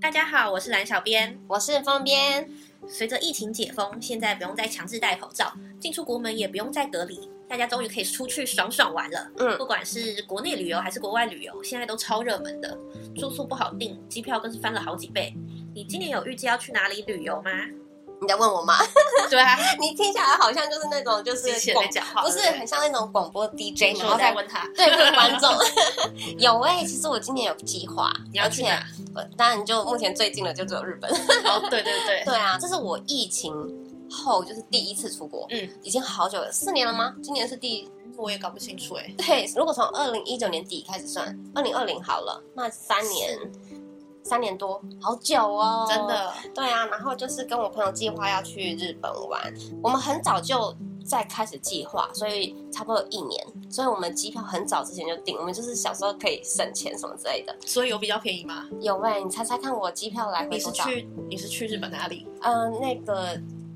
大家好，我是嵐小編，我是風編。隨着疫情解封，現在不用再強制戴口罩，進出國門也不用再隔離，大家終於可以出去爽爽玩了。嗯，不管是國內旅遊還是國外旅遊，現在都超熱門的，住宿不好訂，機票更是翻了好幾倍。你今年有預計要去哪裡旅遊嗎？你在問我嗎？對啊， 你聽起來好像就是那種就是之前在講話，不是很像那種廣播 DJ，然後再問他，問他 對，問、就是、觀眾。 有哎、欸，其實我今年有計劃，你要去哪？當然，啊、就目前最近的就只有日本。哦，對對對，對。 對啊，這是我疫情後就是第一次出國，嗯，已經好久，了，四年了嗎？今年是第，我也搞不清楚哎。對，如果從二零一九年底開始算，二零二零好了，那三年。三年多，好久哦，真的。對啊，然後就是跟我朋友計劃要去日本玩， 我們很早就在開始計劃，所以差不多一年，所以我們機票很早之前就訂。我們就是小時候可以省錢什麼之類的，所以有比較便宜嗎？有喂、欸，你猜猜看，我機票來回多少。你是去你是去日本哪裡？嗯、呃，那個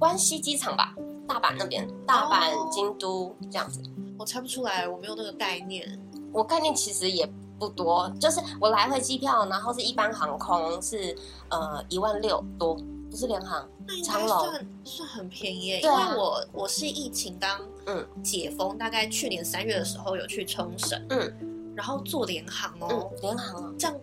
關西機場吧，大阪那邊，大阪、京都這樣子。Oh, 我猜不出來，我沒有那個概念。我概念其實也。不多，就是我來回機票，然後是一般航空是，呃，一萬六多，不是聯航，哎、呀長龍算，算很便宜，啊，因為我我是疫情剛嗯解封嗯，大概去年三月的時候有去沖繩，嗯，然後坐聯航哦、喔，聯、嗯、航這樣。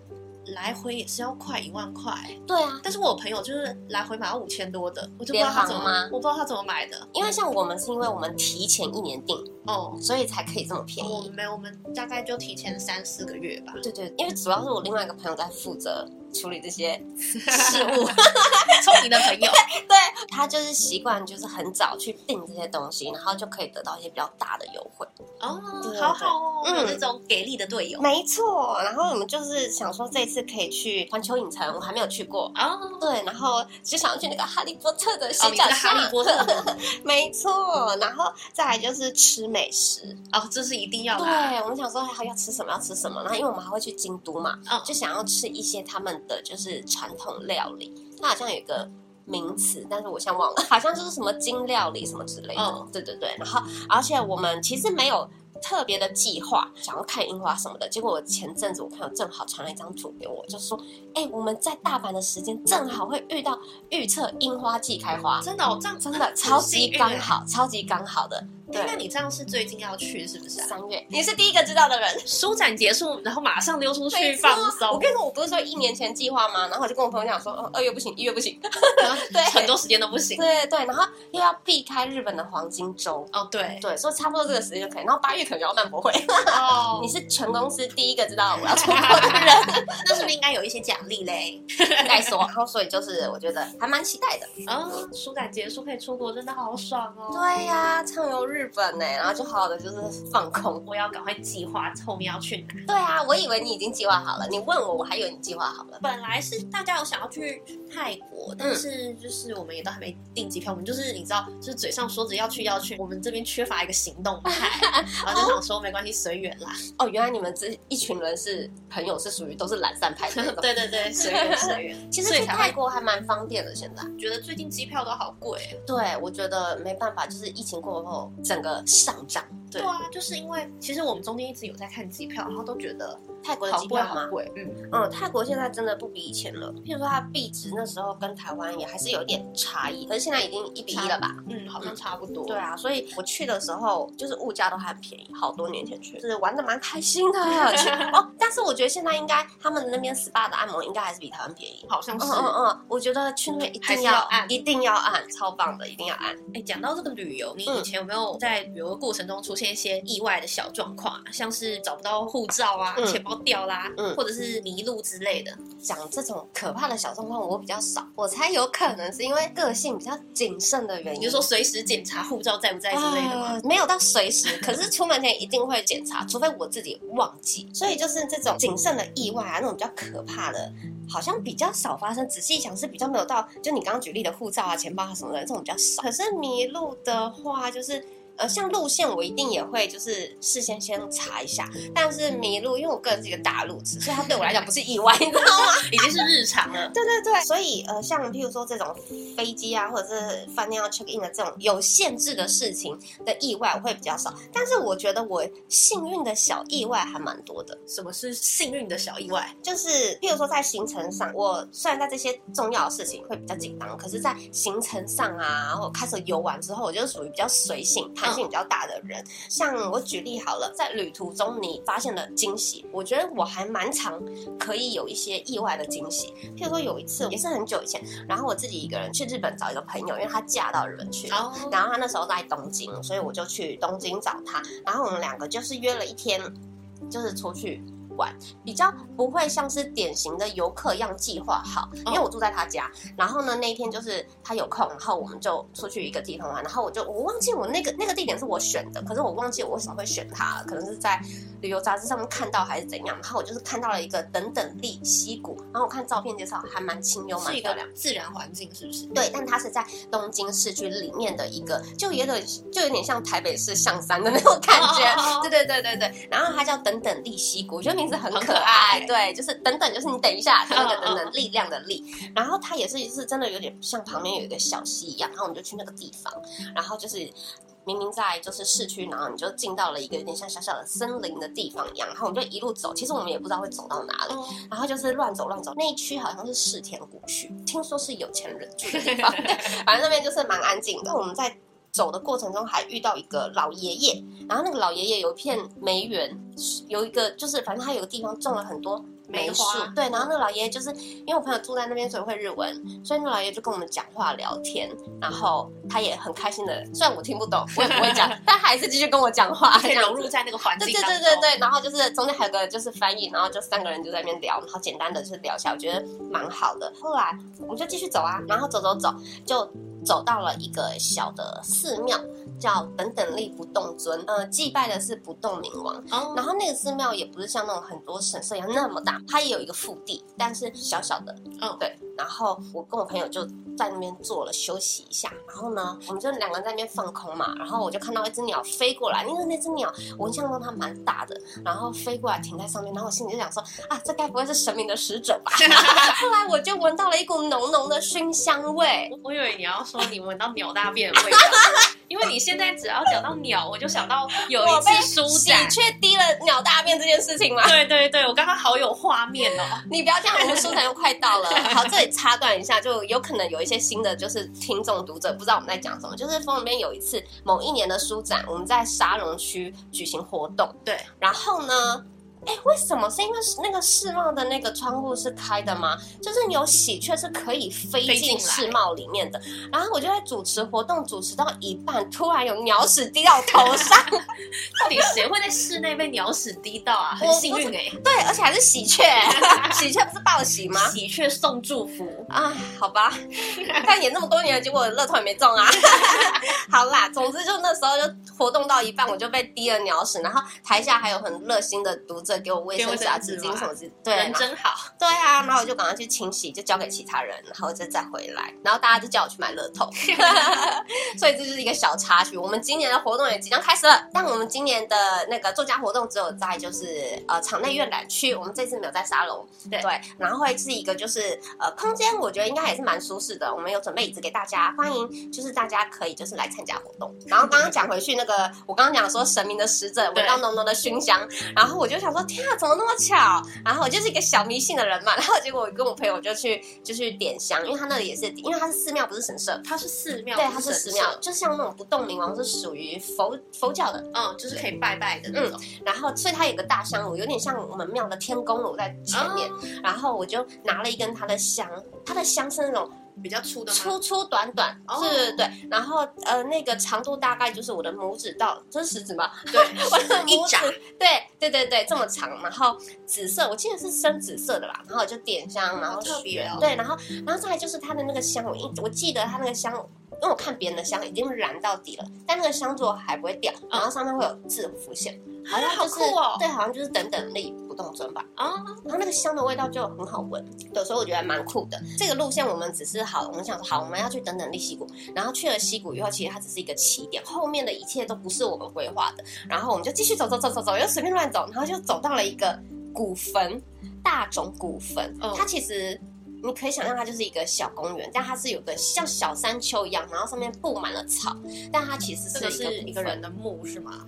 來回也是要快一萬塊欸，對啊。但是我朋友就是來回買了五千多的，我就不知道他怎麼，我不知道他怎麼買的。因為像我們是因為我們提前一年訂哦，所以才可以這麼便宜。哦，我們沒有，我們大概就提前三四個月吧。對對對，因為主要是我另外一個朋友在負責處理這些事物。聰明的朋友 對，對他就是習慣，就是很早去訂這些東西，然後就可以得到一些比較大的優惠哦，好好哦，嗯，這種給力的隊友，沒錯。然後我們就是想說，這次可以去環球影城，我還沒有去過哦。對，然後就想要去那個哈利波特的新的，哦，哈利波特， 沒錯。然後再來就是吃美食，哦，這是一定要的、啊。對我們想說，還、哎、要吃什麼？要吃什麼？然後因為我們還會去京都嘛，嗯、就想要吃一些他們。的就是傳統料理，它好像有一個名詞，但是我現在忘了， 好像就是什麼京料理什麼之類的、嗯。對對對。然後，而且我們其實沒有特別的計劃，想要看櫻花什麼的。結果我前陣子我看到正好傳了一張圖給我，就是、說：“哎、欸，我們在大阪的時間正好會遇到預測櫻花季開花，真的哦，這樣真的超級剛好， 超級剛好的。”那你這樣是最近要去是不是、啊？三月，你是第一個知道的人。書展結束，然後馬上溜出去、欸、放鬆。我跟你說，我不是說一年前計劃嗎？然後我就跟我朋友講說，哦，二月不行，一月不行，嗯、 對，很多時間都不行。對對，然後又要避開日本的黃金周。哦對，對，所以差不多這個時間就可以。然後八月可能要漫博會。哦， 你是全公司第一個知道我要出國的人， 那是不是應該有一些獎勵嘞？該說。然後所以就是我覺得還蠻期待的哦、嗯、書展結束可以出國，真的好爽哦。對呀、啊，暢遊日。日本呢、欸，然後就好好的、嗯、就是放空。我要趕快計劃後面要去哪。對啊，我以為你已經計劃好了。你問我，我還以為你計劃好了、嗯。本來是大家有想要去泰國，但是就是我們也都還沒訂機票，我們就是你知道，就是嘴上說着要去要去，我們這邊缺乏一個行動派，然後就想說沒關係，隨 緣、哦、啦。哦，原來你們這一群人是朋友，是屬於都是懶散派的那種 對對對，隨緣隨緣。其 實泰國還蠻方便的，現在。覺得最近機票都好貴、欸。對，我覺得沒辦法，就是疫情過後。整個上漲，對，對啊，就是因為其實我們中間一直有在看機票，然後都覺得。泰國的機票好嗎？好貴好貴。嗯嗯，泰國現在真的不比以前了。譬如說，它幣值那時候跟台灣也還是有點差異，可是現在已經一比一了吧？嗯，好像差不多、嗯。對啊，所以我去的時候就是物價都還很便宜，好多年前去，就是玩得蠻開心的、嗯去。哦，但是我覺得現在應該他們那邊 SPA 的按摩應該還是比台灣便宜。好像是。嗯嗯，嗯，我覺得去那邊一定要，要按，一定要按，超棒的，一定要按。哎、欸，講到這個旅遊，你以前有沒有在旅遊過程中出現一些意外的小狀況、啊嗯，像是找不到護照啊，嗯掉啦，嗯，或者是迷路之類的，講、嗯、這種可怕的小狀況，我比較少。我猜有可能是因為個性比較謹慎的原因，比如說隨時檢查護照在不在之類的、呃，沒有到隨時， 可是出門前一定會檢查，除非我自己忘記。所以就是這種謹慎的意外啊，那種比較可怕的，好像比較少發生。仔細一想，是比較沒有到就你剛剛舉例的護照啊、錢包啊什麼的這種比較少。可是迷路的話，就是。呃，像路線我一定也會就是事先先查一下，但是迷路，因為我個人是一個大路痴，所以它對我來講不是意外， 你知道嗎？ 已經是日常了。對對對。所以呃，像譬如說這種飛機啊，或者是飯店要 check in 的這種有限制的事情的意外，我會比較少。但是我覺得我幸運的小意外還蠻多的。什麼是幸運的小意外？就是譬如說在行程上，我雖然在這些重要的事情會比較緊張，可是在行程上啊，然後開始遊玩之後，我就屬於比較隨性性，嗯、比較大的人，像我舉例好了，在旅途中你發現了驚喜，我覺得我還蠻常可以有一些意外的驚喜。譬如說有一次也是很久以前，然後我自己一個人去日本找一個朋友，因為他嫁到日本去了，哦、然後他那時候在東京，所以我就去東京找他，然後我們兩個就是約了一天，就是出去。玩比較不會像是典型的遊客一樣計劃好，因為我住在他家，嗯、然後呢，那一天就是他有空，然後我們就出去一個地方玩，然後我就我忘記我那個那個地點是我選的，可是我忘記我為什麼會選它，可能是在旅遊雜誌上面看到還是怎樣，然後我就是看到了一個等等力溪谷，然後我看照片介紹還蠻清幽嘛，是一個自然環境是不是？嗯、對，但它是在東京市區裡面的一個，就有點就有點像台北市象山的那種感覺，對、哦哦哦、對對對對，然後它叫等等力溪谷，我覺得是很可愛，很可愛，對，就是等等，就是你等一下，就是、等等等等，力量的力。Oh, oh. 然後它也是，就是真的有點像旁邊有一個小溪一樣。然後我們就去那個地方，然後就是明明在就是市區，然後你就進到了一個有點像小小的森林的地方一樣。然後我們就一路走，其實我們也不知道會走到哪裡。Oh, oh. 然後就是亂走亂走，那一區好像是世田谷區，聽說是有錢人住的地方。 對，反正那邊就是蠻安靜的。 我們在。走的過程中還遇到一個老爺爺，然後那個老爺爺有一片梅園，有一個就是反正他有個地方種了很多梅樹，對。然後那個老爺爺就是因為我朋友住在那邊，所以會日文，所以那個老爺爺就跟我們講話聊天，然後他也很開心的，雖然我聽不懂，我也不會講，但 還是繼續跟我講話，啊，融入在那個環境。對對對對對。然後就是中間還有個就是翻譯，然後就三個人就在那邊聊，然後簡單的就是聊一下，我覺得蠻好的。後來我們就繼續走啊，然後走走走就，走到了一個小的寺廟。叫等等力不動尊，呃，祭拜的是不動明王。嗯，然後那個寺廟也不是像那種很多神社一樣那麼大，它也有一個腹地，但是小小的。嗯，對。然後我跟我朋友就在那邊坐了休息一下。然後呢，我們就兩個人在那邊放空嘛。然後我就看到一隻鳥飛過來，因為那隻鳥我印象中它蠻大的，然後飛過來停在上面。然後我心裡就想說啊，這該不會是神明的使者吧？ 後來我就聞到了一股濃濃的熏香味。我以為你要說你聞到鳥大便的味道。 因為你現在只要講到鳥， 我就想到有一次書展，你卻滴了鳥大便這件事情嘛。對對對，我剛剛好有畫面哦。 你不要這樣，我們書展又快到了。 好，這裡插斷一下，就有可能有一些新的就是聽眾讀者不知道我們在講什麼。就是風人編有一次某一年的書展，我們在沙龍區舉行活動。對，然後呢？哎，為什麼？是因為那個世貿的那個窗戶是開的嗎？就是你有喜鵲是可以飛進世貿裡面的。然後我就在主持活動，主持到一半，突然有鳥屎滴到我頭上。 到底誰會在室內被鳥屎滴到啊？很幸運哎、欸，對，而且還是喜鵲， 喜鵲不是報喜嗎？喜鵲送祝福啊。好吧，但演那麼多年，結果樂團沒中啊。 好啦，總之就那時候就活動到一半，我就被滴了鳥屎，然後台下還有很熱心的讀者。給我衛生紙啊，紙巾什麼的。對，人真好。對啊，嗯、然後我就趕快去清洗，就交給其他人，然後就再回來。然後大家就叫我去買樂透。 所以這就是一個小插曲。我們今年的活動也即將開始了，但我們今年的那個作家活動只有在就是呃場內閱覽區，我們這次沒有在沙龍。對，然後會是一個就是呃空間，我覺得應該也是蠻舒適的。我們有準備椅子給大家，歡迎就是大家可以就是來參加活動。然後剛剛講回去那個， 我剛剛講說神明的使者聞到濃濃的熏香，然後我就想。我天啊，怎麼那麼巧？然後我就是一個小迷信的人嘛，然後結果我跟我朋友就去，就去點香，因為他那裡也是，因為它是寺廟，不是神社，它是寺廟，對，它是寺廟，就像那種不動明王，是屬於佛佛教的，嗯，就是可以拜拜的那種。嗯、然後所以它有個大香爐，有點像我們廟的天宮爐在前面，哦。然後我就拿了一根它的香，它的香是那種。比較粗的，粗粗短短，oh. 是，對，然後呃，那個長度大概就是我的拇指到，這是食指嗎？對， 拇指 對，對，對對對，這麼長，然後紫色，我記得是深紫色的吧，然後就點香，哦、然後特別，對，然後，然後再來就是它的那個香，我一，我記得它那個香。因為我看別人的香已經燃到底了，但那個香座還不會掉，然後上面會有字浮現，好像、就是哦、好酷哦！對，好像就是等等力不動尊吧。啊、哦，然後那個香的味道就很好聞，有所以我覺得還蠻酷的。這個路線我們只是好，我們想說好，我們要去等等力溪谷，然後去了溪谷以後，其實它只是一個起點，後面的一切都不是我們規劃的，然後我們就繼續走走走走走，又隨便亂走，然後就走到了一個古墳，大塚古墳、嗯，它其實。你可以想象它就是一個小公園，但它是有個像小山丘一樣，然後上面布滿了草，但它其實是一個一個人的墓是嗎？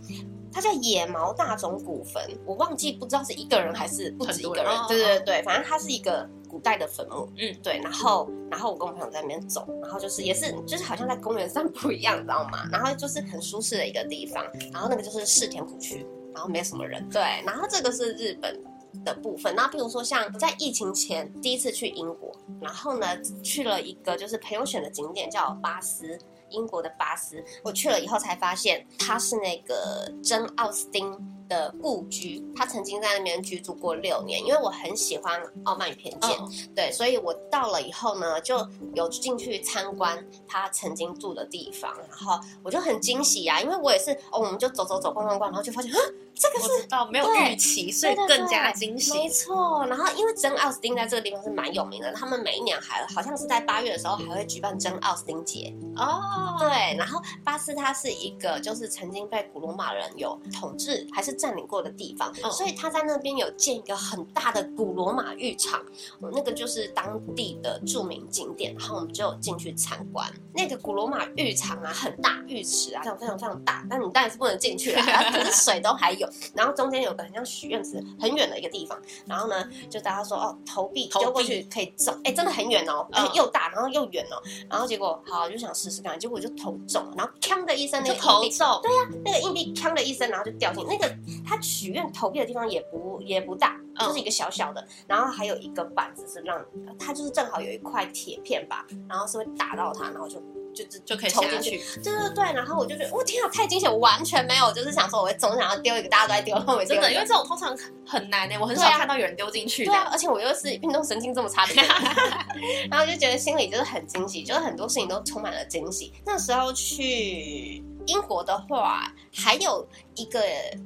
它叫野毛大塚古墳，我忘記不知道是一個人還是不止一個人，對，對對對，對、哦，反正它是一個古代的墳墓。嗯，對，然後然後我跟我朋友在那邊走，然後就是也是就是好像在公園散步一樣，你知道嗎？然後就是很舒適的一個地方，然後那個就是世田谷區，然後沒什麼人，對，然後這個是日本的部分，那比如說像在疫情前第一次去英國，然後呢，去了一個就是朋友選的景點，叫巴斯，英國的巴斯，我去了以後才發現它是那個珍奧斯汀。的故居，他曾經在那邊居住過六年。因為我很喜歡《傲慢與偏見》嗯，對，所以我到了以後呢，就有進去參觀他曾經住的地方，然後我就很驚喜啊，因為我也是哦，我們就走走走逛逛逛，然後就發現，啊，這個是我知道沒有預期，所以更加驚喜。沒錯，然後因為珍奧斯汀在這個地方是蠻有名的，他們每一年還好像是在八月的時候還會舉辦珍奧斯汀節哦。對，然後巴斯他是一個就是曾經被古羅馬人有統治還是。佔領過的地方，所以他在那邊有建一個很大的古羅馬浴場，嗯嗯，那個就是當地的著名景點。然後我們就進去參觀那個古羅馬浴場啊，很大浴池啊，非常非常非常大。但你當然是不能進去了，啊 啊，可是水都還有。然後中間有個很像許願池，很遠的一個地方。然後呢，就大家說哦，投幣投過去可以走。哎，欸，真的很遠哦，嗯，欸，又大，然後又遠哦。然後結果好，就想試試看，結果就投中，然後鏘的一聲，啊，那個投中，對呀，那個硬幣鏘的一聲，然後就掉進那個。他許願投幣的地方也不也不大，就是一個小小的，嗯、然後還有一個板子是讓它就是正好有一塊鐵片吧，然後是會打到它，然後就就就就可以投進去。對、嗯、對、就是、對，然後我就覺得，哇、哦、天啊，太驚喜，完全沒有，就是想說，我會總想要丟一個，大家都在丟，後丟真的，因為這種通常很難呢、欸，我很少、啊、看到有人丟進去的、對、啊。對啊，而且我又是運動神經這麼差的人， 然後就覺得心裡就是很驚喜，就是很多事情都充滿了驚喜。那時候去。英國的話，還有一個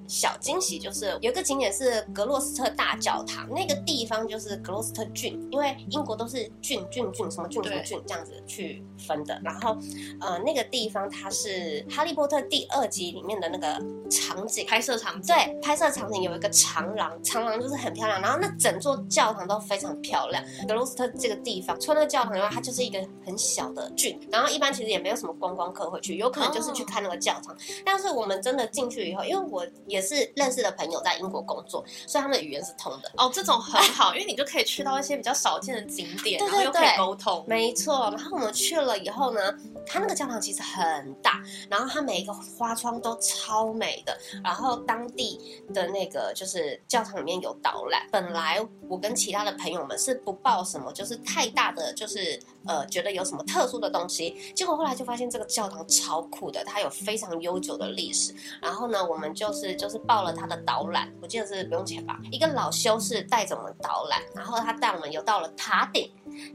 小驚喜，就是有一個景點是格洛斯特大教堂，那個地方就是格洛斯特郡，因為英國都是郡郡郡，什麼郡什麼郡這樣子去分的。然後，呃，那個地方它是《哈利波特》第二集裡面的那個場景拍攝場景，對，拍攝場景有一個長廊，長廊就是很漂亮。然後那整座教堂都非常漂亮。格洛斯特這個地方，除了教堂以外，它就是一個很小的郡。然後一般其實也沒有什麼觀光客會去，有可能就是去看那個。教堂，但是我們真的進去以後，因為我也是認識的朋友在英國工作，所以他們的語言是通的哦。這種很好、哎，因為你就可以去到一些比較少見的景點對對對對，然後又可以溝通。沒錯，然後我們去了以後呢，他那個教堂其實很大，然後它每一個花窗都超美的。然後當地的那個就是教堂裡面有導覽，本來我跟其他的朋友們是不抱什麼，就是太大的就是。呃，覺得有什麼特殊的東西，結果後來就發現這個教堂超酷的，它有非常悠久的歷史。然後呢，我們就是就是報了它的導覽，我記得是不用錢吧，一個老修士帶着我們導覽，然後他帶我們遊到了塔頂。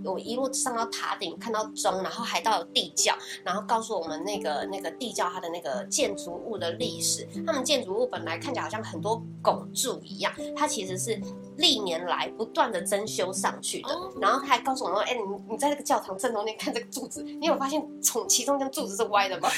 我一路上到塔頂看到鐘，然後還到了地窖，然後告訴我們那個那個地窖它的那個建築物的歷史。他們建築物本來看起來好像很多拱柱，一樣，它其實是歷年來不斷的增修上去的。然後他還告訴我們說：“哎、欸，你你在那個教堂正中間看這個柱子，你有發現從其中間柱子是歪的嗎？”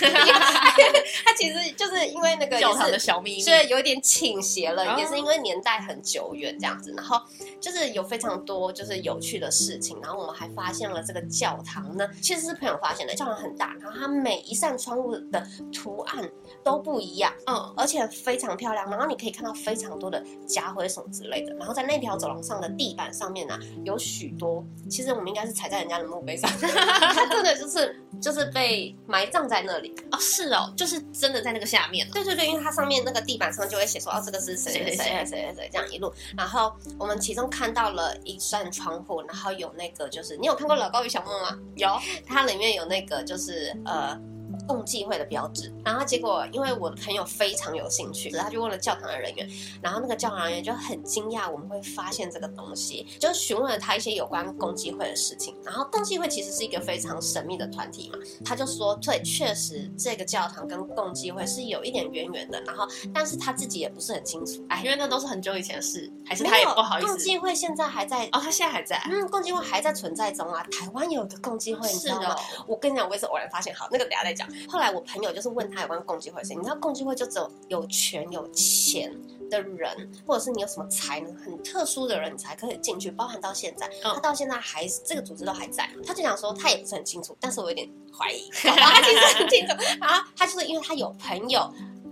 他 其實就是因為那個教堂的小秘密，所以就是有點傾斜了，也是因為年代很久遠這樣子。然後就是有非常多就是有趣的事情，然後我們還發現了這個教堂呢，其實是朋友發現的。教堂很大，然後它每一扇窗戶的圖案都不一樣，嗯，而且非常漂亮。然後你可以看到非常多的家徽什麼之類的。然後在那條走廊上的地板上面呢、啊，有許多，其實我們應該是踩在人家的墓碑上，他真 的就是就是被埋葬在那裡哦，是哦，就是真的在那個下面。對對對，因為它上面那個地板上就會寫說，哦，這個是誰誰誰誰誰誰，這樣一路。 然後我們其中看到了一扇窗戶，然後有那個。就是你有看過《老高與小茉》嗎？有，它裡面有那個就是、嗯、呃。共濟會的標誌，然後結果因為我的朋友非常有興趣，他就問了教堂的人員，然後那個教堂人員就很驚訝我們會發現這個東西，就詢問了他一些有關共濟會的事情。然後共濟會其實是一個非常神秘的團體嘛，他就說對，確實這個教堂跟共濟會是有一點淵源的。然後但是他自己也不是很清楚，哎，因為那都是很久以前的事，還是他也不好意思。共濟會現在還在哦，他現在還在，嗯，共濟會還在存在中啊，台灣有一個共濟會，你知道嗎？是的，我跟你講，我也是偶然發現，好，那個等下再講。後來我朋友就是問他有關共濟會的事情，你知道共濟會就只有有權有錢的人，或者是你有什麼才能很特殊的人，才可以進去。包含到現在，嗯、他到現在還是這個組織都還在。他就想說他也不是很清楚，但是我有點懷疑，他其實很清楚啊？ 他就是因為他有朋友。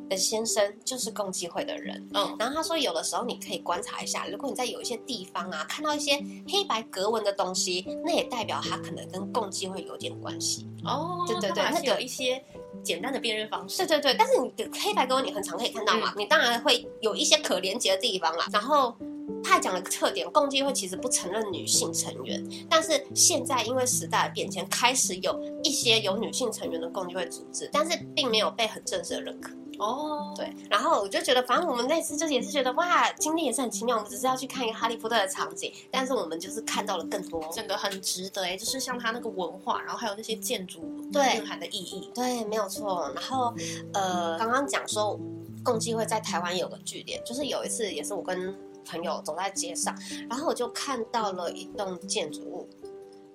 的先生就是共濟會的人，嗯，然後他說，有的時候你可以觀察一下，如果你在有一些地方啊，看到一些黑白格紋的東西，那也代表他可能跟共濟會有點關係哦。對對對，那有一些簡單的辨認方式。對對對，但是你的黑白格紋你很常可以看到嘛、嗯？你當然會有一些可連接的地方啦。然後他還講了個特點，共濟會其實不承認女性成員，但是現在因為時代變遷，開始有一些有女性成員的共濟會組織，但是並沒有被很正式的認可。哦、oh，對，然後我就覺得，反正我們那次就是也是覺得，哇，經歷也是很奇妙。我們只是要去看一個哈利波特的場景，但是我們就是看到了更多，真的很值得哎、欸。就是像他那個文化，然後還有那些建築蘊含的意義對。對，沒有錯。然後，呃，剛剛講說，共濟會在台灣有個據點，就是有一次也是我跟朋友走在街上，然後我就看到了一棟建築物，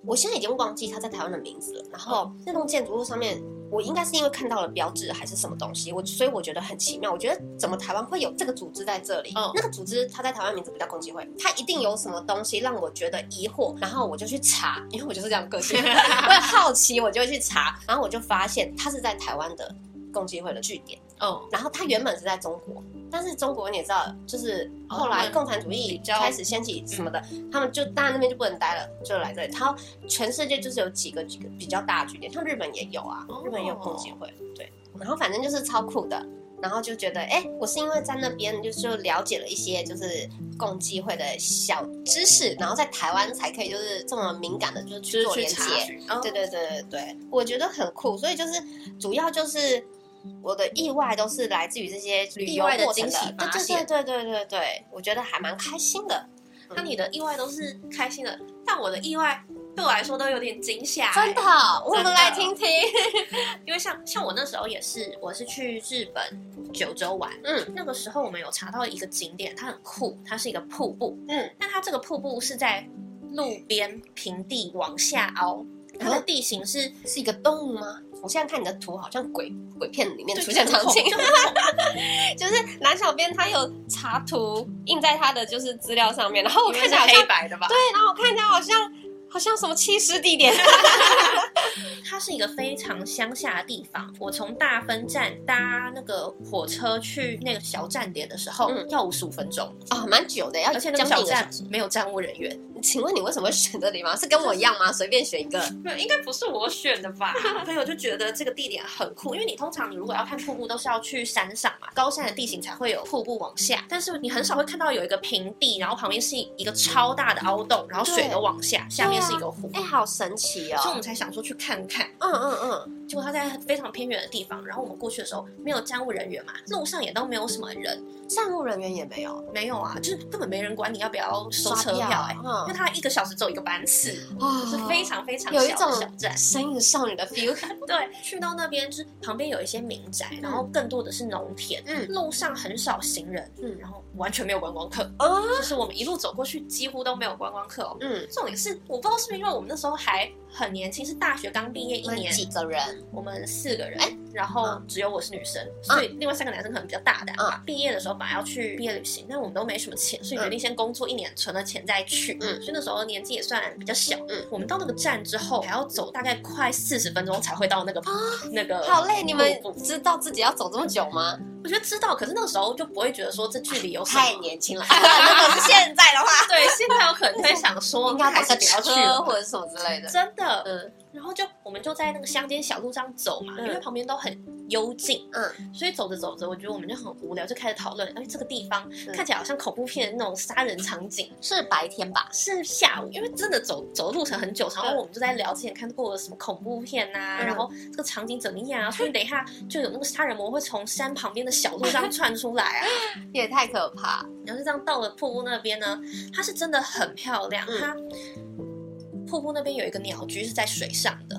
我現在已經忘記他在台灣的名字了。然後、oh. 那棟建築物上面。我應該是因為看到了標誌還是什麼東西，我所以我覺得很奇妙。我覺得怎麼台灣會有這個組織在這裡？哦、嗯，那個組織它在台灣名字不叫共濟會，它一定有什麼東西讓我覺得疑惑。然後我就去查，因為我就是這樣個性， 我很好奇，我就去查。然後我就發現它是在台灣的共濟會的據點。哦、嗯，然後它原本是在中國。但是中國你也知道，就是後來共產主義開始掀起什麼的，哦嗯嗯、他們就當然那邊就不能待了，就來這裡。然後全世界就是有幾個幾個比較大的據點，像日本也有啊，日本也有共濟會、哦哦，對。然後反正就是超酷的，然後就覺得，哎、欸，我是因為在那邊，就就是、了解了一些就是共濟會的小知識，然後在台灣才可以就是這麼敏感的，就是去做連接。對、哦、對對對對，我覺得很酷，所以就是主要就是。我的意外都是來自於這些旅遊的驚喜。對對對對對對，我覺得還蠻開心的，嗯。那你的意外都是開心的，但我的意外對我來說都有點驚嚇，欸。真的，我們來聽聽。 因為像像我那時候也是，我是去日本九州玩，嗯，那個時候我們有查到一個景點，它很酷，它是一個瀑布，嗯，但它這個瀑布是在路邊平地往下凹。它的地形是，哦、是一個洞嗎？我現在看你的圖，好像鬼鬼片裡面出現場景，就，就，就， 就是嵐小編他有插圖印在他的就是資料上面，然後我看起來黑白的吧，對，然後我看起來好像好像什麼棄屍地點。 它是一個非常鄉下的地方，我從大分站搭那個火車去那個小站點的時候，嗯，要五十五分鐘啊，蠻，哦、久的，而且那個小站沒有站務人員。請問你為什麼會選這裡嗎？是跟我一樣嗎？隨便選一個，對，應該不是我選的吧？所以我就覺得這個地點很酷，因為你通常你如果要看瀑布都是要去山上嘛，高山的地形才會有瀑布往下，但是你很少會看到有一個平地，然後旁邊是一個超大的凹洞，然後水都往下，下面是一個湖，哎，好神奇哦！所以我們才想說去看看，嗯嗯嗯。結果它在非常偏遠的地方，然後我們過去的時候沒有站務人員嘛，路上也都沒有什麼人，站務人員也沒有，沒有啊，就是根本沒人管你要不要收車票、欸，哎。嗯他一個小時走一個班次，哦，就是非常非常小的小站，有一種小鎮神隱少女的 feel。 對， 去到那邊就是旁邊有一些民宅，嗯，然後更多的是農田，嗯，路上很少行人，嗯，然後完全沒有觀光客、哦，就是我們一路走過去幾乎都沒有觀光客，哦。嗯，重點是我不知道是不是因為我們那時候還很年輕，是大學剛畢業一年，幾個人？我們四個人。然後只有我是女生，嗯，所以另外三個男生可能比較大膽啊、嗯。畢業的時候本來要去畢業旅行，但我們都沒什麼錢，嗯、所以決定先工作一年存了錢再去。嗯，所以那時候年紀也算比較小。嗯，我們到那個站之後還要走大概快四十分鐘才會到那個、啊、那個。好累布布！你們知道自己要走這麼久嗎？我覺得知道，可是那時候就不會覺得說這距離有太年輕了、啊。如果是現在的話，對，現在我可能在想說 應該還是不要去了，或者什麼之類的。真的，嗯。然後就我們就在那個鄉間小路上走嘛、嗯，因為旁邊都很幽靜，嗯，所以走着走着，我覺得我們就很無聊，就開始討論。哎，這個地方、嗯、看起來好像恐怖片那種殺人場景，是白天吧？是下午，嗯、因為真的走走的路程很久、嗯，然後我們就在聊之前看過的什麼恐怖片吶、啊嗯，然後這個場景怎麼樣啊？所以等一下就有那個殺人魔會從山旁邊的小路上竄出來啊，也太可怕！然後就這樣到了瀑布那邊呢，嗯、它是真的很漂亮，嗯、它。瀑布那邊有一個鳥居是在水上的。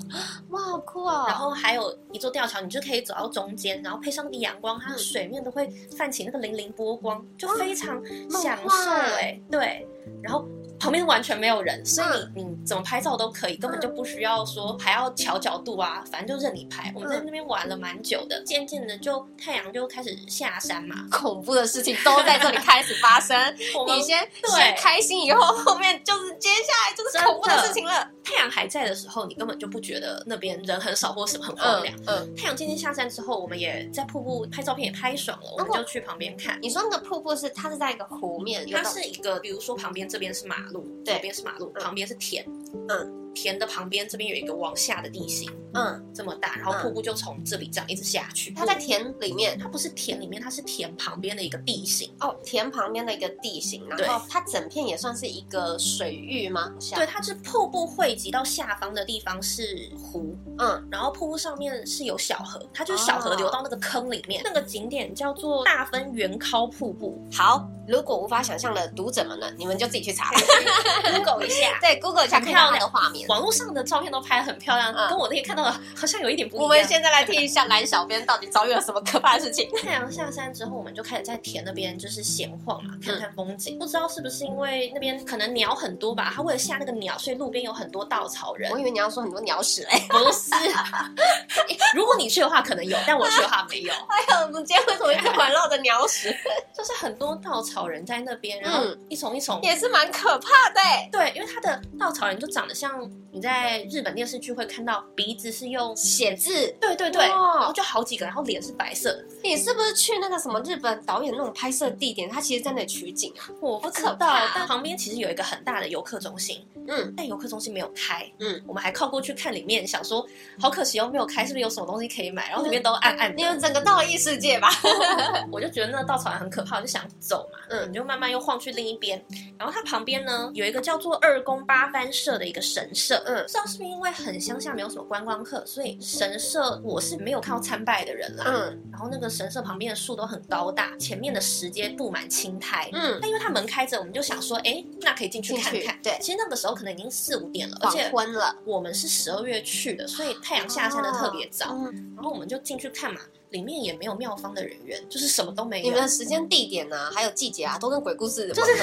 哇，好酷哦！然後還有一座吊橋，你就可以走到中間，然後配上那個陽光，它的水面都會泛起那個粼粼波光，就非常享受哎，對，然後。旁邊完全沒有人，所以、嗯、你怎麼拍照都可以，根本就不需要說還要調角度啊、嗯，反正就任你拍。我們在那邊玩了蠻久的，漸、嗯、漸的就太陽就開始下山嘛，恐怖的事情都在這裡開始發生。 你先對，先開心，以後後面就是接下來就是恐怖的事情了。嗯嗯嗯、太陽還在的時候，你根本就不覺得那邊人很少或是很荒涼、嗯。嗯，太陽漸漸下山之後，我們也在瀑布拍照片也拍爽了，我們就去旁邊看、啊嗯。你說那個瀑布是它是在一個湖面、嗯，它是一個，比如說旁邊這邊是馬路。對，左邊是馬路，旁邊是田，嗯，嗯，田的旁邊這邊有一個往下的地形，嗯，嗯，這麼大，然後瀑布就從這裡這樣一直下去。嗯、它在田裡面、嗯，它不是田裡面，它是田旁邊的一個地形。哦，田旁邊的一個地形，對，然後它整片也算是一個水域嗎？對，對它是瀑布匯集到下方的地方是湖，嗯，然後瀑布上面是有小河，它就是小河流到那個坑裡面。哦、那個景點叫做大分原尻瀑布。好。如果無法想象的讀者們呢？你們就自己去查 ，Google 一下。對，Google 一下， 看到那個畫面。網絡上的照片都拍得很漂亮，嗯、跟我那天看到的好像有一點不一樣。我們現在來聽一下嵐小編到底遭遇了什麼可怕的事情。太陽下山之後，我們就開始在田那邊就是閒晃嘛，看看風景。嗯、不知道是不是因為那邊可能鳥很多吧？他為了嚇那個鳥，所以路邊有很多稻草人。我以為你要說很多鳥屎哎。不是、啊， 如果你去的話可能有，但我去的話沒有。 哎呀，我們今天為什麼一直環繞着鳥屎？ 就是很多稻草。草人在那邊，然後一叢一叢、嗯、也是蠻可怕的、欸。對，因為他的稻草人就長得像你在日本電視劇會看到，鼻子是用寫字，對對對、哦，然後就好幾個，然後臉是白色的。你是不是去那個什麼日本導演那種拍攝地點？他其實在那裡取景啊、嗯？我不知道，但旁邊其實有一個很大的遊客中心，嗯，但遊客中心沒有開，嗯，我們還靠過去看裡面，嗯、想說好可惜哦，沒有開，是不是有什麼東西可以買？然後裡面都暗暗的、嗯，你們整個到異世界吧？ 我就覺得那個稻草人很可怕，就想走嘛。嗯，你就慢慢又晃去另一邊，然後它旁邊呢有一個叫做二宮八幡社的一個神社。嗯，不知道是不是因為很鄉下，沒有什麼觀光客，所以神社我是沒有看到參拜的人啦。嗯，然後那個神社旁邊的樹都很高大，前面的石階布滿青苔。嗯，但因為它門開着，我們就想說，哎、欸，那可以進去看看去。對，其實那個時候可能已經四五點了，了，而且黃昏了。我們是十二月去的，所以太陽下山的特別早。嗯、哦，然後我們就進去看嘛。裡面也沒有廟方的人員，就是什麼都沒有。你們的時間、地點啊，還有季節啊，都跟鬼故事。就是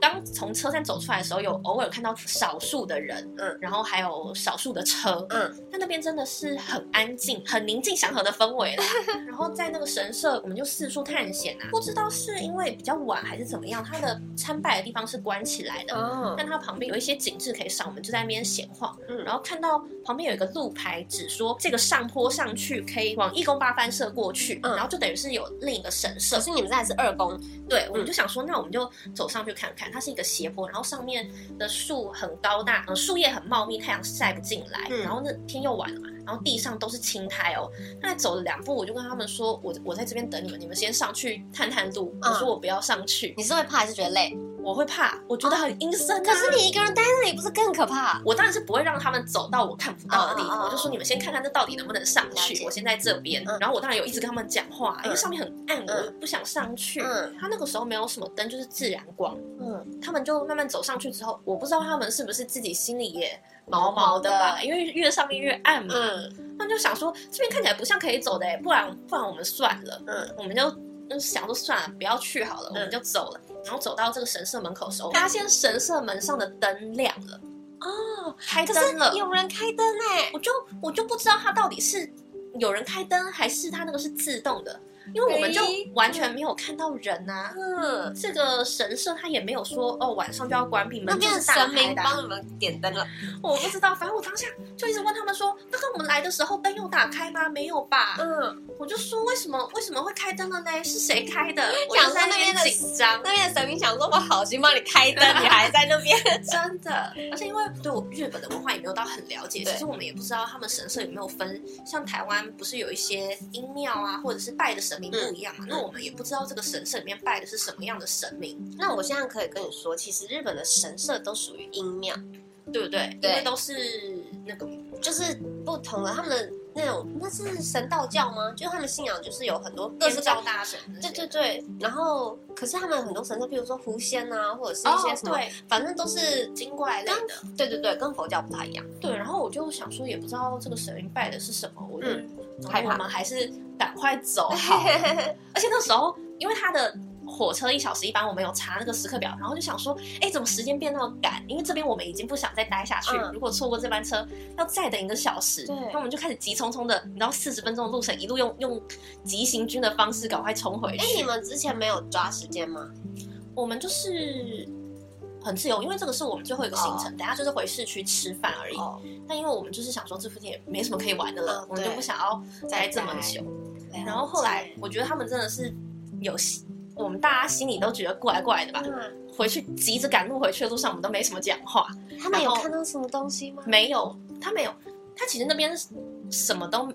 剛從 車站走出來的時候，有偶爾看到少數的人，嗯，然後還有少數的車，嗯。但那邊真的是很安靜、很寧靜、祥和的氛圍。嗯，然後在那個神社，我們就四處探險啊。不知道是因為比較晚還是怎麼樣，它的參拜的地方是關起來的，嗯，但它旁邊有一些景致可以賞，我們就在那邊閒晃。嗯，然後看到旁邊有一個路牌，指說這個上坡上去可以往一東八幡神社過去、嗯，然後就等於是有另一個神社。可是你們在是二宮，嗯、對，我們就想說、嗯，那我們就走上去看看。它是一個斜坡，然後上面的樹很高大，嗯，樹葉很茂密，太陽曬不進來。嗯、然後那天又晚了嘛。然後地上都是青苔哦。那走了兩步，我就跟他們說：“我我在這邊等你們，你們先上去探探路。嗯”我說：“我不要上去。”你是會怕還是覺得累？我會怕，我覺得很陰森、啊。可是你一個人待那裡不是更可怕？我當然是不會讓他們走到我看不到的地方。Oh, oh, oh, 我就說：“你們先看看這到底能不能上去。”我先在這邊、嗯。然後我當然有一直跟他們講話，因為、嗯、哎、上面很暗，我不想上去、嗯。他那個時候沒有什麼燈，就是自然光。嗯，他們就慢慢走上去之後，我不知道他們是不是自己心裡也。毛毛，毛毛的，因為越上面越暗嘛，嗯、他們就想說這邊看起來不像可以走的、欸，不然、嗯、不然我們算了，嗯，我們就，就想說算了，不要去好了、嗯，我們就走了。然後走到這個神社門口的時候，發、啊、現神社門上的燈亮了，哦，開燈了，可是有人開燈哎、欸，我就我就不知道他到底是有人開燈還是他那個是自動的。因為我們就完全沒有看到人吶、啊嗯，嗯，這個神社他也沒有說、嗯、哦晚上就要關閉、啊，那邊神明幫我們點燈了，我不知道，反正我當下就一直問他們說，剛剛我們來的時候燈又打開嗎？沒有吧，嗯，我就說為什麼為什麼會開燈了呢？是誰開的？想的我想在那邊的緊張，那邊的神明想說我好心幫你開燈、嗯，你還在那邊， 真的，而且因為對我日本的文化也沒有到很了解，其實我們也不知道他們神社有沒有分，像台灣不是有一些陰廟啊，或者是拜的神。嗯、不一樣嘛、啊，那我們也不知道這個神社裡面拜的是什麼樣的神明。嗯、那我現在可以跟你說，其實日本的神社都屬於陰廟，對不對？對，因為都是那個，就是不同的。他們那種那是神道教嗎？就他們信仰就是有很多天教大神。對對對。然後，可是他們很多神社，比如說狐仙啊，或者是一些什麼、哦嗯，反正都是精怪類的。對對對，跟佛教不太一樣。嗯、對，然後我就想說，也不知道這個神明拜的是什麼，我就、嗯。害怕嗎、嗯？還是趕快走好， 而且那時候因為他的火車一小時，一般我們有查那個時刻表，然後就想說，哎、欸，怎麼時間變那麼趕？因為這邊我們已經不想再待下去了、嗯。如果錯過這班車，要再等一個小時，那我們就開始急匆匆的，你知道，四十分鐘的路程，一路用用急行軍的方式，趕快衝回去。哎、欸，你們之前沒有抓時間嗎？我們就是。很自由，因為這個是我們最後一個行程，oh. 等下就是回市區吃飯而已。Oh. 但因為我們就是想說，這附近也沒什麼可以玩的了，mm -hmm. 我們就不想要待這麼久。Oh, right. 然後後來我覺得他們真的是有，mm -hmm. 我們大家心裡都覺得怪怪的吧。Mm -hmm. 回去急着趕路回去的路上，我們都沒什麼講話。Mm -hmm. 他們有看到什麼東西嗎？沒有，他沒有。他其實那邊什麼都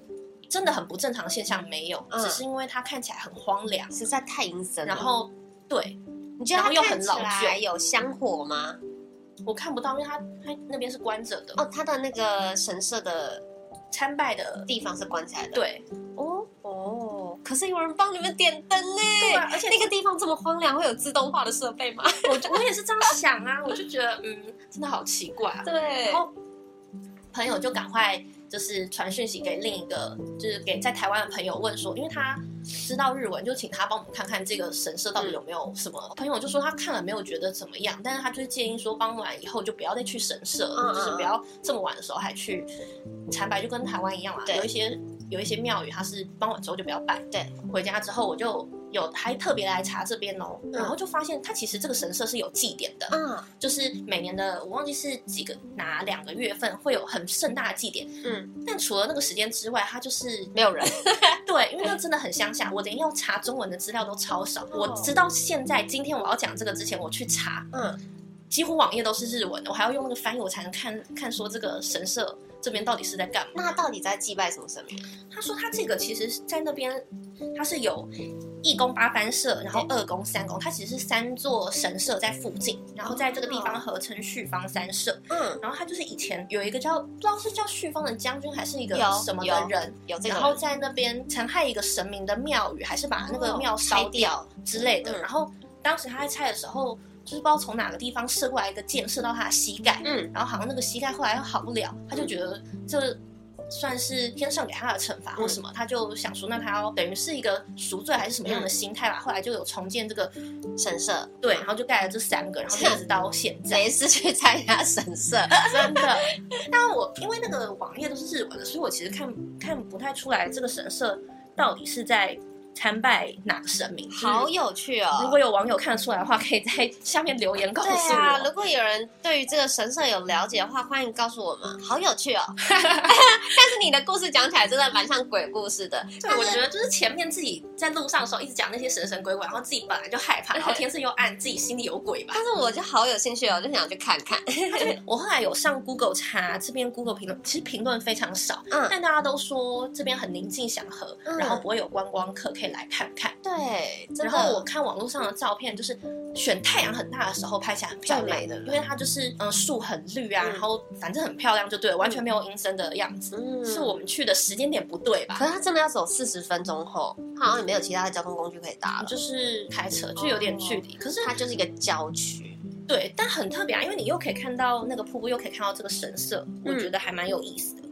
真的很不正常，現象沒有，mm -hmm. 只是因為他看起來很荒涼，實在太陰森了。然後對。你覺得它看起來有香火嗎？我看不到，因為它它那邊是關着的。哦，它的那個神社的參拜的地方是關起來的。對，哦哦，可是有人幫你們點燈呢、欸。對，而且那個地方這麼荒涼，會有自動化的設備嗎？ 我我也是這樣想啊，我就覺得 嗯，真的好奇怪、啊、對，然後朋友就趕快。就是傳訊息給另一個，就是給在台灣的朋友問說，因為他知道日文，就請他幫我們看看這個神社到底有沒有什麼、嗯。朋友就說他看了沒有覺得怎麼樣，但是他就是建議說，傍晚以後就不要再去神社了，嗯嗯，就是不要這麼晚的時候還去。殘白就跟台灣一樣嘛、啊，有一些有一些廟宇他是傍晚之後就不要拜。對，回家之後我就。有還特別來查這邊哦，然後就發現他其實這個神社是有祭典的，嗯，就是每年的我忘記是幾個哪兩個月份會有很盛大的祭典，嗯，但除了那個時間之外，他就是沒有人， 對，因為那真的很鄉下，我連要查中文的資料都超少，我直到現在今天我要講這個之前我去查，嗯，幾乎網頁都是日文的，我還要用那個翻譯我才能看，看看說這個神社。這邊到底是在幹嘛？那他到底在祭拜什麼神明？他說他這個其實，在那邊他是有，一宮八幡社，然後二宮三宮，他其實是三座神社在附近，然後在這個地方合稱旭方三社。嗯，然後他就是以前有一個叫不知道是叫旭方的將軍還是一個什麼的人，這個、然後在那邊殘害一個神明的廟宇，還是把那個廟燒掉之類的、哦嗯。然後當時他在拆的時候。就是不知道從哪個地方射過來一個箭，射到他的膝蓋，嗯，然後好像那個膝蓋後來又好不了，他就覺得這算是天上給他的懲罰或什麼，嗯、他就想說那他要等於是一個贖罪還是什麼樣的心態吧。嗯、後來就有重建這個神社，對，然後就蓋了這三個，然後一直到現在 沒事去參加神社，真的。 但我因為那個網頁都是日文的，所以我其實看看不太出來這個神社到底是在。參拜哪個神明？好有趣哦！如果有網友看得出來的話，可以在下面留言告訴我。對啊，如果有人對於這個神社有了解的話，歡迎告訴我們。好有趣哦！ 但是你的故事講起來真的蠻像鬼故事的。對，我覺得就是前面自己在路上的時候一直講那些神神鬼鬼，然後自己本來就害怕，然後天色又暗，自己心裡有鬼吧。但是我就好有興趣哦，就想去看看。嗯、我後來有上 Google 查這邊 Google 評論，其實評論非常少，嗯，但大家都說這邊很寧靜祥和，然後不會有觀光客。可以來看看，對。然後我看網絡上的照片，就是選太陽很大的時候拍起來很漂亮，美的因為它就是嗯樹很綠啊、嗯，然後反正很漂亮就對了，完全沒有陰森的樣子、嗯。是我們去的時間點不對吧？可是它真的要走四十分鐘後，好像也沒有其他的交通工具可以搭，就是開車就、嗯、有點距離、嗯。可是它就是一個郊區、嗯，對。但很特別啊，因為你又可以看到那個瀑布，又可以看到這個神社、嗯，我覺得還蠻有意思的。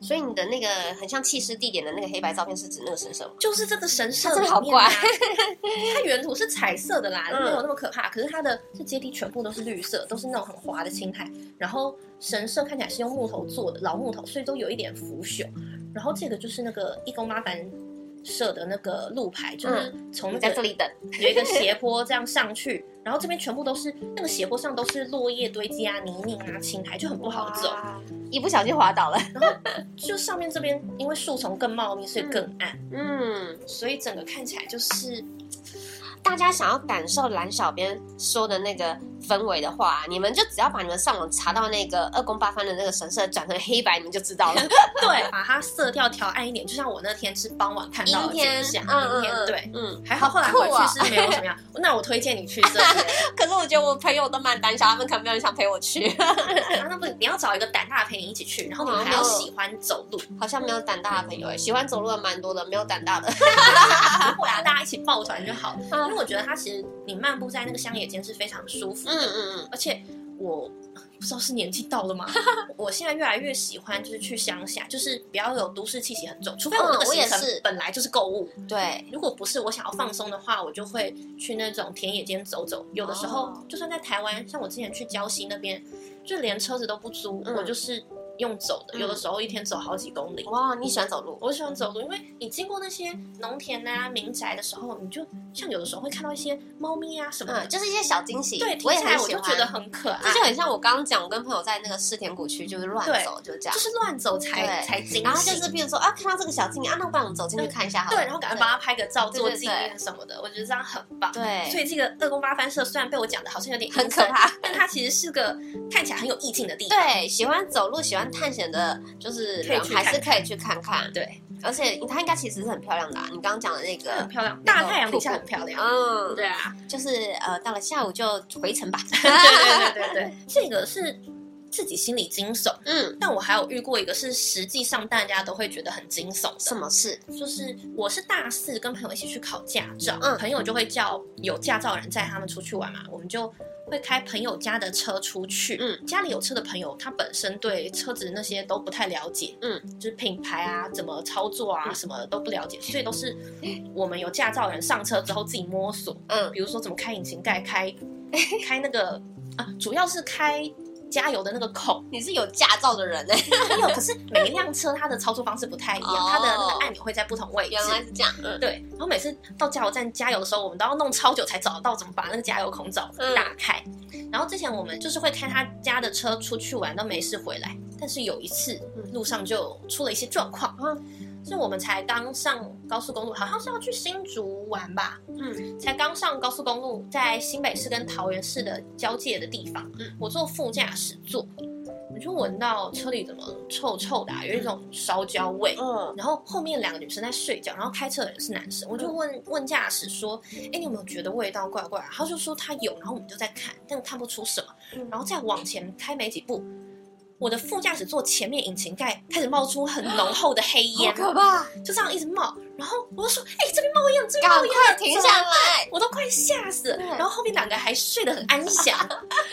所以你的那個很像棄屍地點的那個黑白照片，是指那個神社嗎？就是這個神社、啊，真的好怪。 它原圖是彩色的啦， 沒有那麼可怕。可是它的這階梯全部都是綠色，都是那種很滑的青苔。然後神社看起來是用木頭做的，老木頭，所以都有一點腐朽。然後這個就是那個二宮八幡設的那個路牌，就是從那個、嗯、等 有一個斜坡這樣上去，然後這邊全部都是那個斜坡上都是落葉堆積啊、泥濘啊、青苔，就很不好走，一不小心滑倒了。 然後就上面這邊，因為樹叢更茂密，所以更暗嗯。嗯，所以整個看起來就是。大家想要感受藍小編說的那個氛圍的話，你們就只要把你們上網查到那個二宮八幡的那個神社轉成黑白，你們就知道了。 對，把它色調調暗一點，就像我那天是傍晚看到的景象。啊。嗯天，對嗯，嗯，還好，後來回去是沒有怎麼樣。嗯。那我推薦你去這。 可是我覺得我朋友都蠻膽小，他們可能沒有人想陪我去。 啊、那不，你要找一個膽大的陪你一起去，然後你們還要喜歡走路，哦，好像沒有膽大的朋友哎。嗯嗯，喜歡走路的蠻多的，沒有膽大的。不會啊，大家一起抱團就好了。因為我覺得它其實，你漫步在那個鄉野間是非常舒服的。嗯嗯嗯、而且我不知道是年紀到了嗎？ 我現在越來越喜歡就是去鄉下，就是不要有都市氣息很重。除、嗯、非我那個行程本來就是購物、嗯是。對。如果不是我想要放鬆的話、嗯，我就會去那種田野間走走。有的時候、哦、就算在台灣，像我之前去礁溪那邊，就連車子都不租，嗯、我就是。用走的、嗯，有的時候一天走好幾公里。哇，你喜歡走路？我喜歡走路，因為你經過那些農田啊、民宅的時候，你就像有的時候會看到一些貓咪啊什麼的，嗯、就是一些小驚喜。對，我也很喜歡，我就覺得很可愛。啊、這就很像我剛剛講，我跟朋友在那個世田谷區就是亂走，就這樣，就是亂走才才驚喜。然後就是比如說啊，看到這個小驚喜啊，那不我們走進去看一下好了，好對，對，然後趕快幫他拍個照做紀念什麼的，對對對對，我覺得這樣很棒。對，所以這個二宮八幡社雖然被我講得好像有點很可怕， 但它其實是個看起來很有意境的地方。對，喜歡走路，喜歡。探險的，就是還是可以去看看，對，對，而且它應該其實是很漂亮的，啊。你剛剛講的那個，很漂亮，那個，大太陽底下很漂亮，嗯、哦，對啊，就是呃，到了下午就回程吧。 對，對對對對對， 這個是自己心裡驚悚，嗯，但我還有遇過一個是實際上大家都會覺得很驚悚的，什麼事？就是我是大四跟朋友一起去考駕照，嗯，朋友就會叫有駕照的人載他們出去玩嘛，我們就。會開朋友家的車出去，嗯，家裡有車的朋友，他本身對車子那些都不太了解，嗯，就是品牌啊，怎麼操作啊，嗯、什麼都不了解，所以都是我們有駕照人上車之後自己摸索，嗯，比如說怎麼開引擎蓋，開，開那個 啊，主要是開。加油的那個孔，你是有駕照的人呢、欸？ 沒有，可是每一輛車它的操作方式不太一樣，哦、它的那個按鈕會在不同位置。原來是這樣的，對。然後每次到加油站加油的時候，我們都要弄超久才找到怎麼把那個加油孔找打開。嗯、然後之前我們就是會開他家的車出去玩，都沒事回來。但是有一次路上就出了一些狀況啊。就是我們才剛上高速公路，好像是要去新竹玩吧？嗯，才剛上高速公路，在新北市跟桃園市的交界的地方。嗯，我坐副駕駛座，我就聞到車裡怎麼臭臭的、啊，有一種燒焦味。嗯，然後後面兩個女生在睡覺，然後開車的人是男生，我就問問駕駛說：“哎、欸，你有沒有覺得味道怪怪、啊？”他就說他有，然後我們就在看，但看不出什麼。然後再往前開沒幾步。我的副駕駛座前面引擎蓋開始冒出很濃厚的黑煙，好可怕！就這樣一直冒，然後我就說：“哎、欸，這邊冒煙，這邊冒煙，啊、快停下來，下來！”我都快嚇死了。然後後面兩個還睡得很安詳，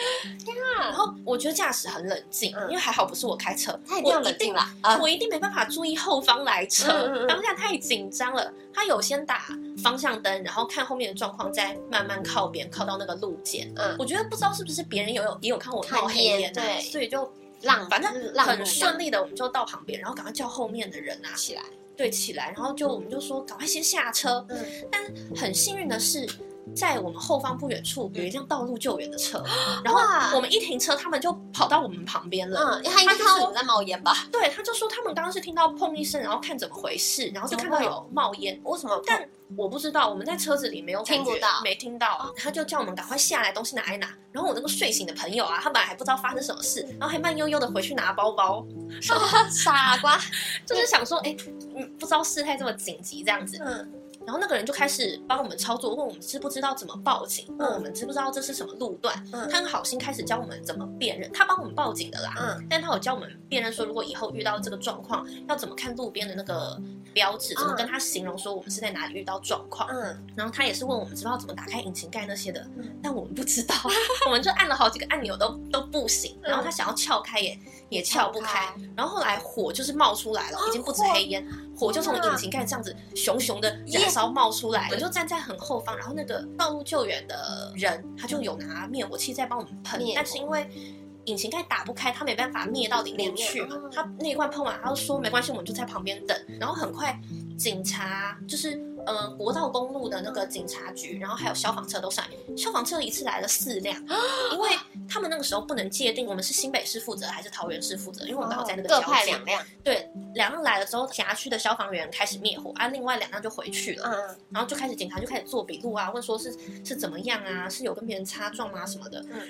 然後我覺得駕駛很冷靜，嗯、因為還好不是我開車，他一定冷靜了、嗯。我一定沒辦法注意後方來車，當、嗯、下、嗯嗯、太緊張了。他有先打方向燈，然後看後面的狀況，再慢慢靠邊，嗯、靠到那個路肩。嗯，我覺得不知道是不是別人也有也有看我冒黑煙，對，所以就。浪，反正，嗯，浪，很順利的，我們就到旁邊，嗯，然後趕快叫後面的人啊起來，對，起來，然後就，嗯，我們就說趕快先下車。嗯，但很幸運的是。在我們後方不遠處有一輛道路救援的車、嗯，然後我們一停車，他們就跑到我們旁邊了。嗯，他就說我們在冒煙吧？對，他就說他們剛剛是聽到砰一聲，然後看怎麼回事，然後就看到有冒煙。為什麼？但我不知道，我們在車子裡沒有感覺聽不到，沒聽到。哦、他就叫我們趕快下來，東西拿一拿。然後我那個睡醒的朋友啊，他本來還不知道發生什麼事，嗯、然後還慢悠悠的回去拿包包。嗯、說 傻瓜， 就是想說，哎，嗯，不知道事態這麼緊急這樣子。嗯。然後那個人就開始幫我們操作，問我們知不知道怎麼報警、嗯，問我們知不知道這是什麼路段、嗯。他很好心開始教我們怎麼辨認，他幫我們報警的啦。嗯，但他有教我們辨認說，如果以後遇到這個狀況，要怎麼看路邊的那個標誌，怎麼跟他形容說我們是在哪裡遇到狀況。嗯，然後他也是問我們知不知道怎麼打開引擎蓋那些的，嗯、但我們不知道， 我們就按了好幾個按鈕都都不行。然後他想要撬開耶。也撬不開，然後後來火就是冒出來了，啊、已經不止黑煙，火就從引擎蓋這樣子熊熊的燃燒冒出來了。Yeah. 我就站在很後方，然後那個道路救援的人、嗯、他就有拿滅火器在幫我們噴，但是因為引擎蓋打不開，他沒辦法滅到裡面去嘛。他那一罐噴完，他就說沒關係，我們就在旁邊等。然後很快警察就是。呃、嗯，國道公路的那個警察局，嗯，然後還有消防車都上。消防車一次來了四輛，哦，因為他們那個時候不能界定我們是新北市負責還是桃園市負責，因為我們剛好在那個交界。各派兩輛，對，兩輛來了之後，轄區的消防員開始滅火，啊，另外兩輛就回去了。嗯，然後就開始警察就開始做筆錄啊，問說是是怎麼樣啊，是有跟別人擦撞嗎什麼的。嗯。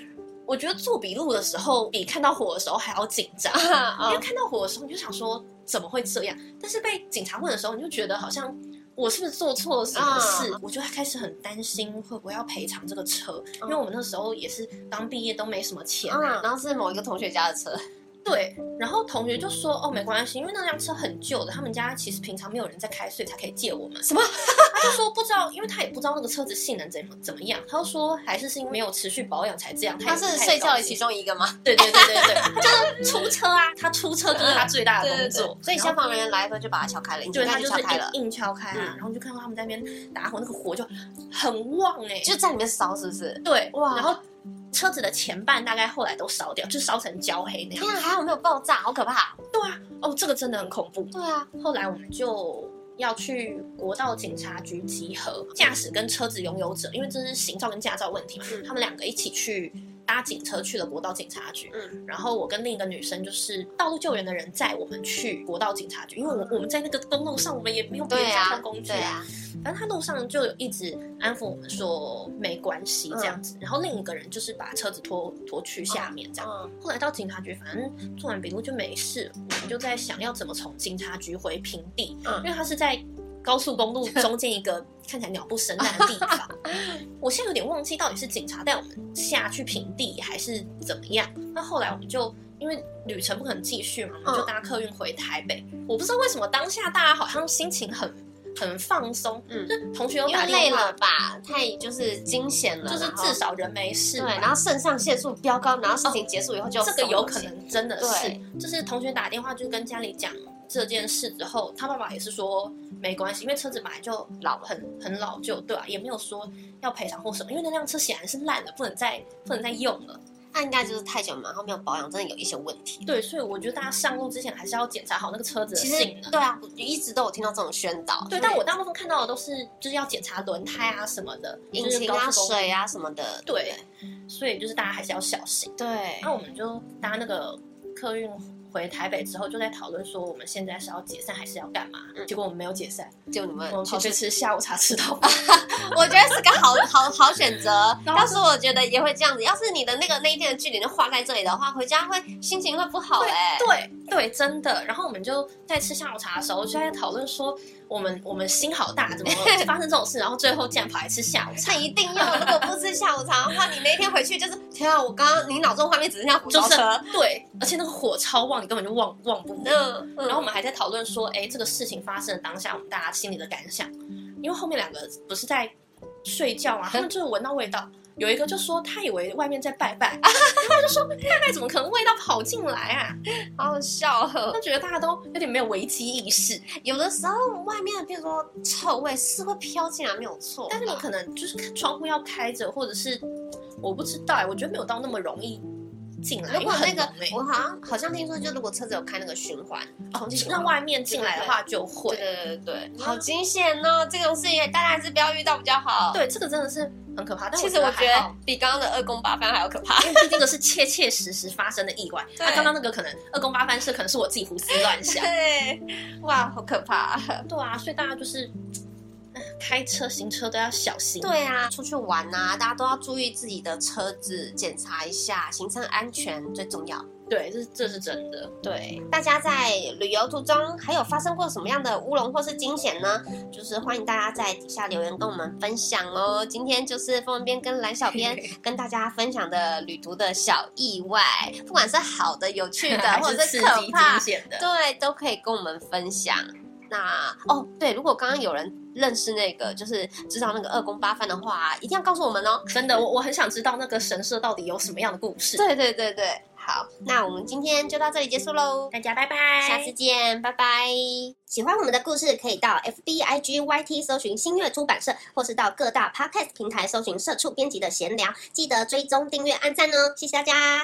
我覺得做筆錄的時候比看到火的時候還要緊張，嗯，因為看到火的時候你就想說怎麼會這樣，但是被警察問的時候你就覺得好像。我是不是做錯了什麼事？Uh, 我就開始很擔心，會不會要賠償這個車？Uh, 因為我們那時候也是剛畢業，都沒什麼錢啊。Uh, 然後是某一個同學家的車。對，然後同學就說：“哦，沒關係，因為那輛車很舊的，他們家其實平常沒有人在開，所以才可以借我們。”什麼？ 他就說不知道，因為他也不知道那個車子性能怎麼怎麼樣。他就說還是因為沒有持續保養才這樣，嗯他。他是睡覺的其中一個嗎？對對對對對， 他就是出車啊，嗯，他出車就是他最大的工作。嗯、對對對，所以消防人員來的時候就把他敲開了，對，對，對，對，你看他就是，硬敲開啊，嗯，然後就看到他們在那邊打火，那個火就很旺哎，欸，就在裡面燒，是不是？對，哇，然後。車子的前半大概後來都燒掉，就燒成焦黑那樣。天啊，還好沒有爆炸，好可怕。對啊，哦，這個真的很恐怖。對啊，後來我們就要去國道警察局集合，駕駛跟車子擁有者，因為這是行照跟駕照問題嘛，嗯，他們兩個一起去。搭警車去了國道警察局、嗯，然後我跟另一個女生就是道路救援的人載我們去國道警察局，嗯、因為我我們在那個公路上我們也沒有別的交通工具啊，啊，反正他路上就有一直安撫我們說沒關係這樣子，嗯，然後另一個人就是把車子拖拖去下面，嗯、這樣，後來到警察局，反正做完筆錄就沒事，我們就在想要怎麼從警察局回平地，嗯、因為他是在。高速公路中間一個看起來鳥不生蛋的地方，我現在有點忘記到底是警察帶我們下去平地還是怎麼樣。那後來我們就因為旅程不可能繼續嘛，我們就搭客運回台北。我不知道為什麼當下大家好像心情很很放鬆、嗯，嗯，同學有打電話，太就是驚險了、嗯，就是至少人沒事，然後腎上腺素飆高，然後事情結束以後就要、哦、這個有可能真的是，就是同學打電話就跟家裡講。這件事之後，他爸爸也是說沒關係，因為車子本來就老很很老舊，對吧？也沒有說要賠償或什麼，因為那輛車顯然是爛了，不能再不能再用了。它應該就是太久嘛，然後沒有保養，真的有一些問題。對，所以我覺得大家上路之前還是要檢查好那個車子的。其實，對啊，我一直都有聽到這種宣導。對，但我大部分看到的都是就是要檢查輪胎啊什麼的，引擎啊水啊什麼的。對，所以就是大家還是要小心。對，那我們就搭那個客運。回台北之後，就在討論說我們現在是要解散還是要幹嘛、嗯？結果我們沒有解散，就你、嗯、我們去去吃下午茶吃到。 我覺得是個好好好選擇。但是我覺得也會這樣子。要是你的那個那一天的距離就畫在這裡的話，回家會心情會不好哎、欸。對對，對，真的。然後我們就在吃下午茶的時候，就在討論說我們我們心好大，怎麼發生這種事？ 然後最後竟然跑來吃下午茶，一定要！如果不吃下午茶的話，你那一天回去就是天啊！我剛剛你腦中畫面只剩下火燒車，就是。對，而且那個火超旺，你根本就旺旺不旺。嗯。然後我們還在討論說，哎、嗯欸，這個事情發生的當下，我們大家心裡的感想。因為後面兩個不是在睡覺啊，他們就聞到味道。嗯。有一個就說他以為外面在拜拜，他 就說拜拜怎麼可能味道跑進來啊，好好笑呵！他覺得大家都有點沒有危機意識。有的時候外面，比如說臭味是會飄進來，沒有錯啊。但是你可能就是看窗戶要開着，或者是我不知道哎，我覺得沒有到那麼容易。進來。如果那個，哎欸、我好像好像聽說，就如果車子有開那個循環，啊、哦，其實那外面進來的話就會。這個、這個就會對對對，對、啊、好驚險哦！這種事情，大家還是不要遇到比較好。對，這個真的是很可怕。但其實我覺得比剛剛的二宮八番還要可怕，因為這個是切切實實發生的意外。那剛剛那個可能二宮八番是可能是我自己胡思亂想。對，哇，好可怕、啊。對啊，所以大家就是。開車行車都要小心啊。對啊，出去玩啊，大家都要注意自己的車子，檢查一下，行車安全最重要。對，這是這是真的。對，大家在旅遊途中還有發生過什麼樣的烏龍或是驚險呢？就是歡迎大家在底下留言跟我們分享哦。今天就是風人編跟嵐小編 跟大家分享的旅途的小意外，不管是好的、有趣的， 或者是可怕、驚險的，對，都可以跟我們分享。那哦，對，如果剛剛有人。認識那個，就是知道那個二宮八幡的話，一定要告訴我們哦！真的，我我很想知道那個神社到底有什麼樣的故事。對對對對，好，那我們今天就到這裡結束嘍，大家拜拜，下次見，拜拜！喜歡我們的故事，可以到 F B I G Y T 搜尋新月出版社，或是到各大 podcast 平台搜尋“社畜編輯的閒聊”，記得追蹤、訂閱、按讚哦！謝謝大家。